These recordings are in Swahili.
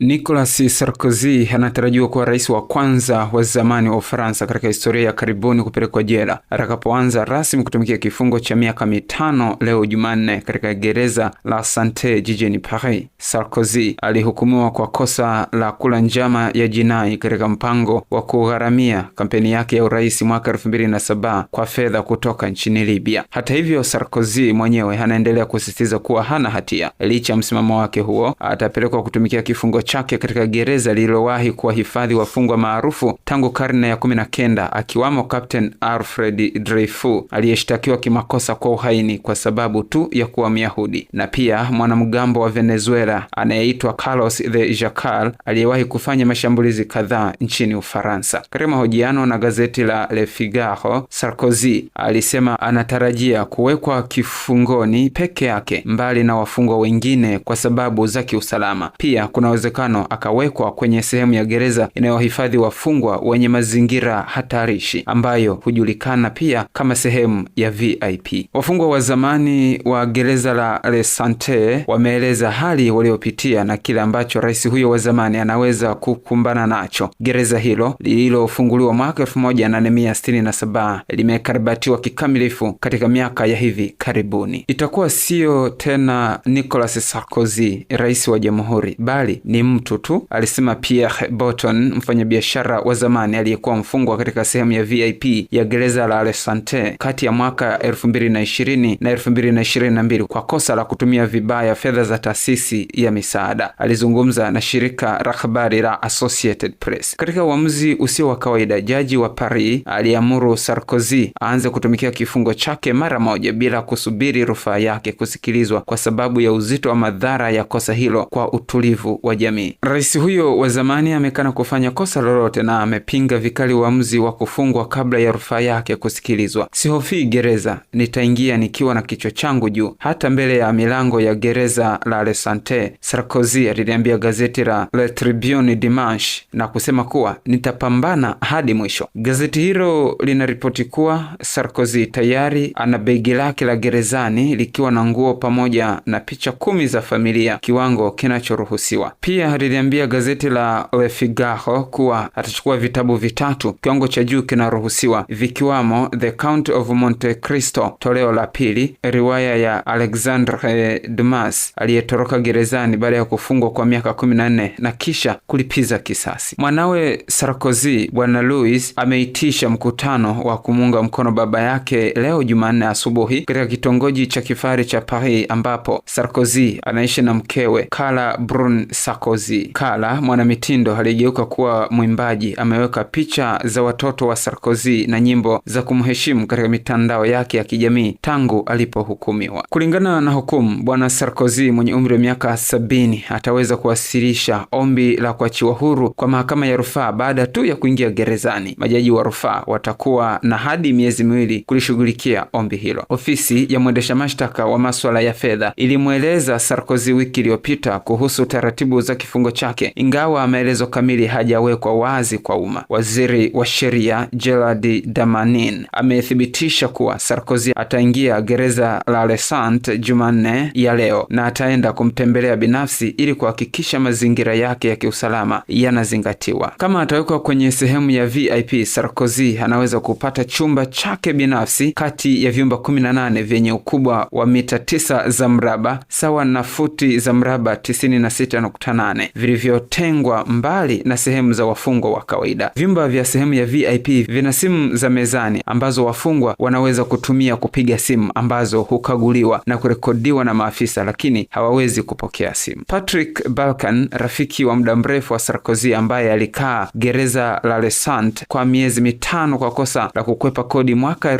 Nicolas Sarkozy anatarajiwa kuwa rais wa kwanza wa zamani wa Ufaransa katika historia ya karibuni kupelekwa jela atakapoanza rasmi kutumikia kifungo cha miaka mitano leo Jumanne katika gereza la Sante jijini Paris. Sarkozy alihukumiwa kwa kosa la kula njama ya jinai katika mpango wa kugharamia kampeni yake ya urais mwaka saba kwa fedha kutoka nchini Libya. Hata hivyo, Sarkozy mwenyewe anaendelea kusisitiza kuwa hana hatia. Licha ya msimamo wake huo, atapelekwa kutumikia kifungo chake katika gereza lililowahi kuwahifadhi wafungwa maarufu tangu karne ya 19 akiwamo Captain Alfred Dreyfus aliyeshtakiwa kimakosa kwa uhaini kwa sababu tu ya kuwa Myahudi, na pia mwanamgambo wa Venezuela anayeitwa Carlos the jacal aliyewahi kufanya mashambulizi kadhaa nchini Ufaransa. Katika mahojiano na gazeti la Le Figaro, Sarkozy alisema anatarajia kuwekwa kifungoni peke yake mbali na wafungwa wengine kwa sababu za kiusalama. Pia kuna Volcano akawekwa kwenye sehemu ya gereza inayohifadhi wafungwa wenye mazingira hatarishi ambayo hujulikana pia kama sehemu ya VIP. Wafungwa wa zamani wa gereza la Le Sante wameeleza hali waliopitia na kile ambacho rais huyo wa zamani anaweza kukumbana nacho. Gereza hilo lililofunguliwa mwaka 1867 limekarabatiwa kikamilifu katika miaka ya hivi karibuni. Itakuwa siyo tena Nicolas Sarkozy rais wa jamhuri, bali ni ni mtu tu, alisema Pierre botton mfanyabiashara wa zamani aliyekuwa mfungwa katika sehemu ya VIP ya gereza la lesante kati ya mwaka 2020 na 2022 kwa kosa la kutumia vibaya fedha za taasisi ya misaada. Alizungumza na shirika la habari la Associated Press. Katika uamuzi usio wa kawaida, jaji wa Paris aliamuru Sarkozy aanze kutumikia kifungo chake mara moja bila kusubiri rufaa yake kusikilizwa kwa sababu ya uzito wa madhara ya kosa hilo kwa utulivu wa jamii kijamii. Rais huyo wa zamani amekana kufanya kosa lolote na amepinga vikali uamuzi wa kufungwa kabla ya rufaa yake kusikilizwa. Sihofii gereza, nitaingia nikiwa na kichwa changu juu, hata mbele ya milango ya gereza la Le Sante, Sarkozy aliliambia gazeti la Le Tribune Dimanche na kusema kuwa nitapambana hadi mwisho. Gazeti hilo linaripoti kuwa Sarkozy tayari ana begi lake la gerezani likiwa na nguo pamoja na picha kumi za familia, kiwango kinachoruhusiwa pia pia liliambia gazeti la Le Figaro kuwa atachukua vitabu vitatu, kiwango cha juu kinaruhusiwa, vikiwamo The Count of Monte Cristo toleo la pili, riwaya ya Alexandre Dumas aliyetoroka gerezani baada ya kufungwa kwa miaka 14 na kisha kulipiza kisasi. Mwanawe Sarkozy, Bwana Louis, ameitisha mkutano wa kumuunga mkono baba yake leo Jumanne asubuhi katika kitongoji cha kifahari cha Paris ambapo Sarkozy anaishi na mkewe Carla Brun Sarkozy. Sarkozy. Kala mwanamitindo aliyegeuka kuwa mwimbaji ameweka picha za watoto wa Sarkozy na nyimbo za kumheshimu katika mitandao yake ya kijamii tangu alipohukumiwa. Kulingana na hukumu, bwana Sarkozy mwenye umri wa miaka sabini ataweza kuwasilisha ombi la kuachiwa huru kwa mahakama ya rufaa baada tu ya kuingia gerezani. Majaji wa rufaa watakuwa na hadi miezi miwili kulishughulikia ombi hilo. Ofisi ya mwendesha mashtaka wa maswala ya fedha ilimweleza Sarkozy wiki iliyopita kuhusu taratibu za kifungo chake, ingawa maelezo kamili hajawekwa wazi kwa umma. Waziri wa sheria Gerard Damanin amethibitisha kuwa Sarkozy ataingia gereza la Lesant Jumanne ya leo na ataenda kumtembelea binafsi ili kuhakikisha mazingira yake ya kiusalama yanazingatiwa. Kama atawekwa kwenye sehemu ya VIP, Sarkozy anaweza kupata chumba chake binafsi kati ya vyumba 18 vyenye ukubwa wa mita 9 za mraba sawa na futi za mraba 96.8 nane vilivyotengwa mbali na sehemu za wafungwa wa kawaida. Vyumba vya sehemu ya VIP vina simu za mezani ambazo wafungwa wanaweza kutumia kupiga simu ambazo hukaguliwa na kurekodiwa na maafisa, lakini hawawezi kupokea simu. Patrick Balkan, rafiki wa muda mrefu wa Sarkozy ambaye alikaa gereza la Lesant kwa miezi mitano kwa kosa la kukwepa kodi mwaka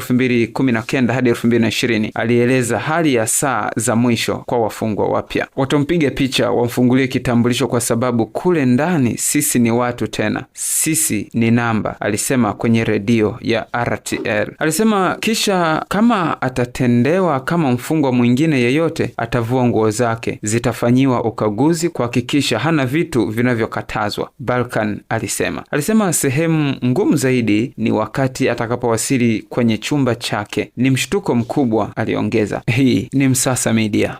kenda hadi ishirini alieleza hali ya saa za mwisho kwa wafungwa wapya. Watampiga picha, wamfungulie kitambulisho hivyo kwa sababu kule ndani sisi ni watu tena, sisi ni namba, alisema kwenye redio ya RTL. Alisema kisha kama atatendewa kama mfungwa mwingine yeyote, atavua nguo zake, zitafanyiwa ukaguzi kuhakikisha hana vitu vinavyokatazwa, Balkan alisema. Alisema sehemu ngumu zaidi ni wakati atakapowasili kwenye chumba chake. Ni mshtuko mkubwa, aliongeza. Hii ni Msasa Media.